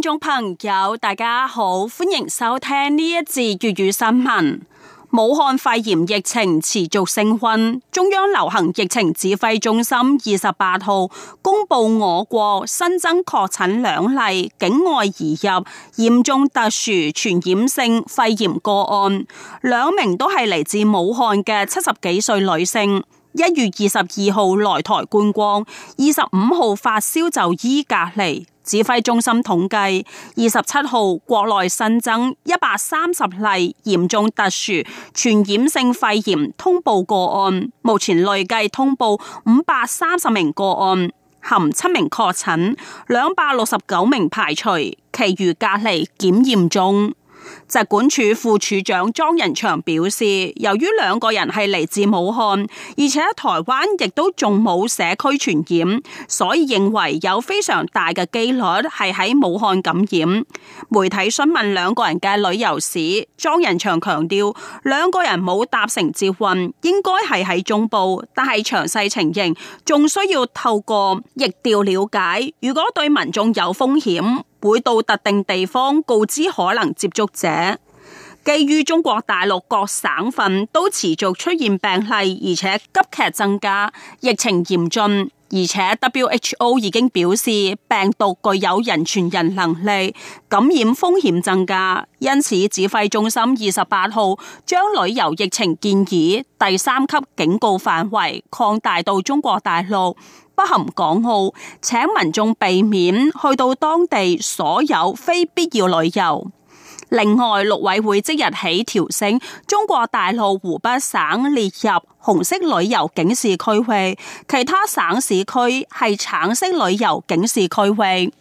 聽眾朋友，大家好，歡迎收聽呢一節粵語新聞。武漢肺炎疫情持續升温，中央流行疫情指揮中心二十八號公布，我國新增確診兩例境外移入嚴重特殊傳染性肺炎個案，兩名都係嚟自武漢嘅七十幾歲女性，一月二十二號來台觀光，二十五號發燒就醫隔離。指揮中心統計，二十七號國內新增一百三十例嚴重特殊傳染性肺炎通報個案，目前累計通報五百三十名個案，含七名確診，兩百六十九名排除，其餘隔離檢驗中。疾管處副處長莊仁祥表示，由於兩個人係嚟自武漢，而且台灣亦都仲冇社區傳染，所以認為有非常大嘅機率係喺武漢感染。媒體詢問兩個人嘅旅遊史，莊仁祥強調兩個人冇搭乘捷運，應該係喺中部，但係詳細情形仲需要透過疫調了解。如果對民眾有風險，會到特定地方，告知可能接觸者。基於中國大陸各省份都持續出現病例，而且急劇增加，疫情嚴峻，而且 WHO 已經表示病毒具有人傳人能力，感染風險增加，因此指揮中心二十八號將旅遊疫情建議第三級警告範圍擴大到中國大陸。不含港澳，請民眾避免去到當地所有非必要旅遊。另外，陸委會即日起調升中國大陸湖北省列入紅色旅遊警示區域，其他省市區係橙色旅遊警示區域。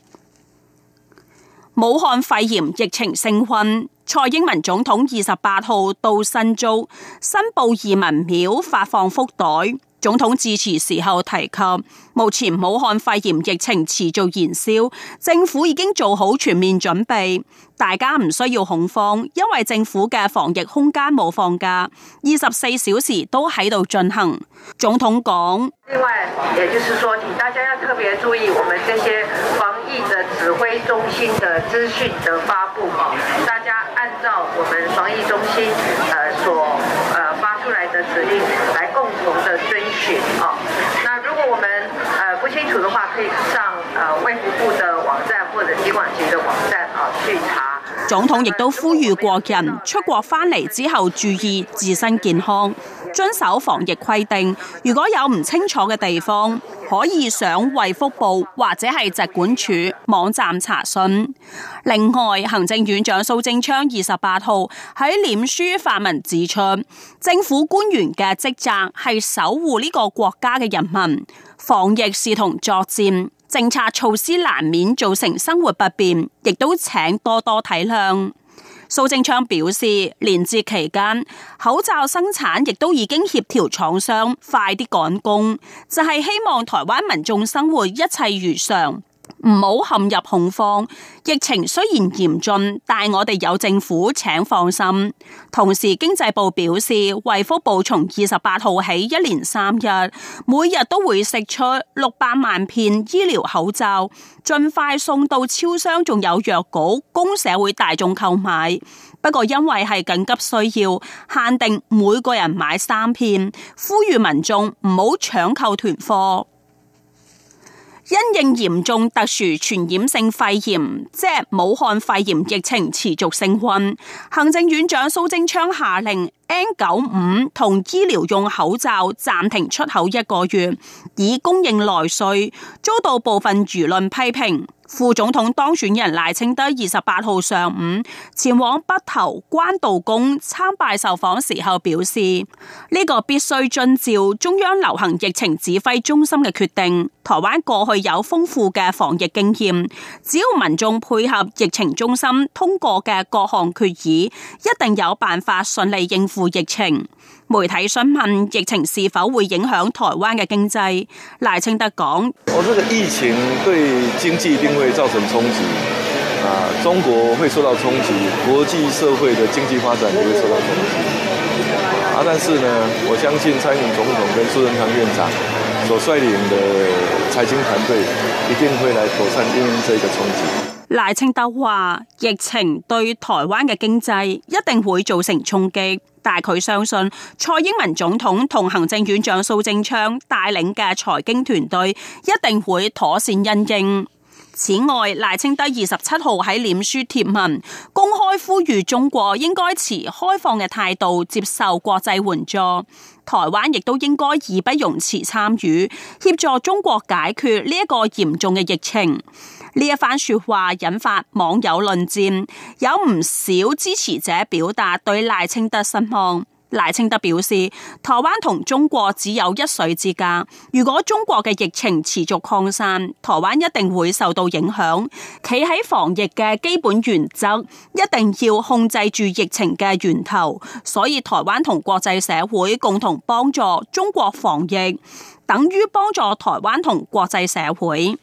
武漢肺炎疫情升溫，蔡英文總統二十八號到新竹，申報移民廟發放福袋。總統致辭時候提及，目前武漢肺炎疫情持續延燒，政府已經做好全面準備，大家唔需要恐慌，因為政府嘅防疫空間冇放假，二十四小時都喺度進行。總統講，另外，也就是說，請大家要特別注意我們這些防疫的指揮中心的資訊的發布，大家按照我們防疫中心，呃、所。總統亦都呼籲國人出國返嚟之後注意自身健康，遵守防疫規定。如果有唔清楚嘅地方，可以上衛福部或者係疾管署網站查詢。另外，行政院長蘇貞昌二十八號喺臉書發文指出，政府官員嘅職責係守護呢個國家嘅人民，防疫視同作戰。政策措施難免造成生活不便，亦都請多多體諒。蘇貞昌表示，連接期間口罩生產亦都已經協調廠商快啲趕工，就係、是、希望台灣民眾生活一切如常。唔好陷入恐慌。疫情雖然嚴峻，但我哋有政府，請放心。同時，經濟部表示，衛福部從二十八號起，一連三日，每日都會釋出六百萬片醫療口罩，盡快送到超商藥，仲有藥局供社會大眾購買。不過，因為係緊急需要，限定每個人買三片，呼籲民眾唔好搶購囤貨。因應嚴重特殊傳染性肺炎，即武漢肺炎疫情持續升温，行政院長蘇貞昌下令 N 九五同醫療用口罩暫停出口一個月，以供應內需，遭到部分輿論批評。副總統當選人賴清德二十八號上午前往北投關渡宮參拜受訪時候表示，呢、這個必須遵照中央流行疫情指揮中心嘅決定。台灣過去有豐富嘅防疫經驗，只要民眾配合疫情中心通過嘅各項決議，一定有辦法順利應付疫情。媒體詢問疫情是否會影響臺灣嘅經濟？賴清德講：我這個疫情對經濟一定會造成衝擊啊，中國會受到衝擊，國際社會的經濟發展也會受到衝擊啊。但是呢，我相信蔡英文總統跟蘇貞昌院長所率領的財經團隊一定會來妥善應對這一個衝擊。賴清德話：疫情對臺灣嘅經濟一定會造成衝擊。但佢相信，蔡英文總統同行政院長蘇貞昌帶領嘅財經團隊一定會妥善因應。此外，賴清德二十七號喺臉書貼文，公開呼籲中國應該持開放嘅態度接受國際援助。台灣亦都應該義不容辭參與協助中國解決呢一個嚴重嘅疫情。呢一番說話引發網友論戰，有唔少支持者表達對賴清德失望。賴清德表示，台灣同中國只有一水之隔。如果中國嘅疫情持續擴散，台灣一定會受到影響。企喺防疫嘅基本原則，一定要控制住疫情嘅源頭。所以，台灣同國際社會共同幫助中國防疫，等於幫助台灣同國際社會。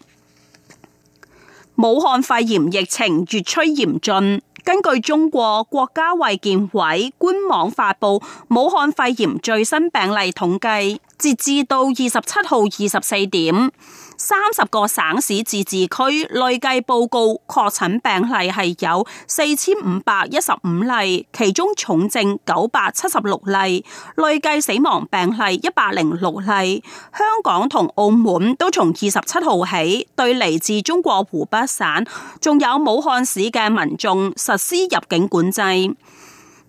武漢肺炎疫情越趨嚴峻。根據中國國家衛健委官網發布武漢肺炎最新病例統計，截至到二十七號二十四點。三十個省市自治區累計報告確診病例係有四千五百一十五例，其中重症九百七十六例，累計死亡病例一百零六例。香港同澳門都從二十七號起對嚟自中國湖北省仲有武漢市嘅民眾實施入境管制。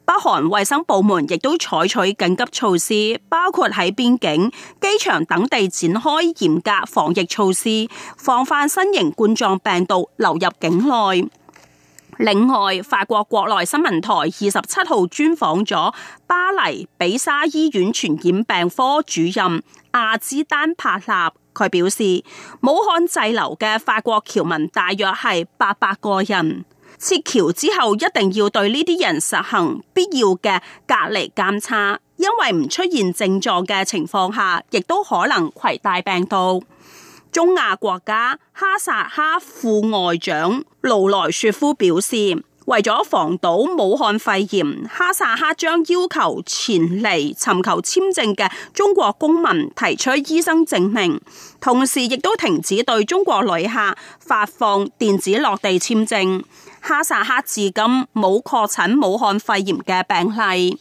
北韓衛生部門亦都採取緊急措施，包括喺邊境、機場等地展開嚴格防疫措施，防範新型冠狀病毒流入境內。另外，法國國內新聞台二十七號專訪咗巴黎比沙醫院傳染病科主任阿茲丹帕納，佢表示，武漢滯留嘅法國僑民大約係八百個人。撤僑之後，一定要對呢啲人實行必要嘅隔離監測，因為唔出現症狀嘅情況下，亦都可能攜帶病毒。中亞國家哈薩克副外長盧萊雪夫表示，為咗防堵武漢肺炎，哈薩克將要求前嚟尋求簽證嘅中國公民提出醫生證明，同時亦都停止對中國旅客發放電子落地簽證。哈薩克至今冇確診武漢肺炎嘅病例。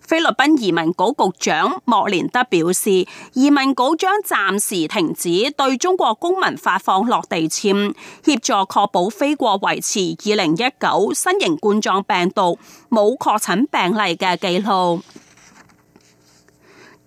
菲律賓移民局局長莫連德表示，移民局將暫時停止對中國公民發放落地簽，協助確保菲國維持二零一九新型冠狀病毒冇確診病例嘅記錄。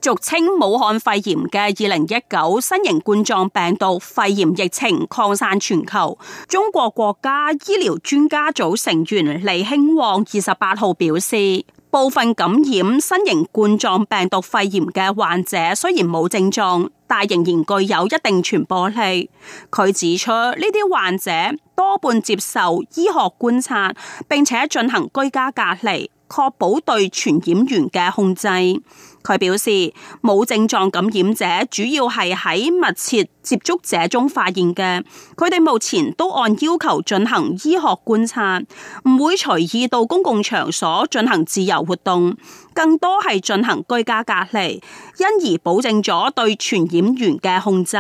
俗稱武漢肺炎嘅二零一九新型冠狀病毒肺炎疫情擴散全球。中國國家醫療專家組成員李興旺二十八號表示，部分感染新型冠狀病毒肺炎嘅患者雖然冇症狀，但仍然具有一定傳播力。佢指出，呢啲患者多半接受醫學觀察，並且進行居家隔離。確保對傳染源嘅控制。佢表示，冇症狀感染者主要係喺密切接觸者中發現嘅，佢哋目前都按要求進行醫學觀察，唔會隨意到公共場所進行自由活動，更多係進行居家隔離，因而保證咗對傳染源嘅控制。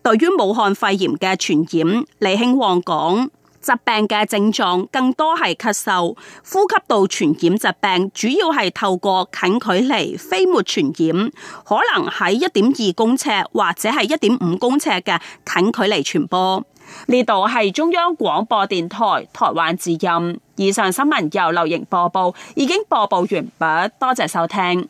對於武漢肺炎嘅傳染，李興旺講。疾病嘅症狀更多係咳嗽。呼吸道傳染疾病主要係透過近距離飛沫傳染，可能喺一點二公尺或者係一點五公尺嘅近距離傳播。呢度係中央廣播電台台灣之音，以上新聞由劉瑩播報，已經播報完畢，多謝收聽。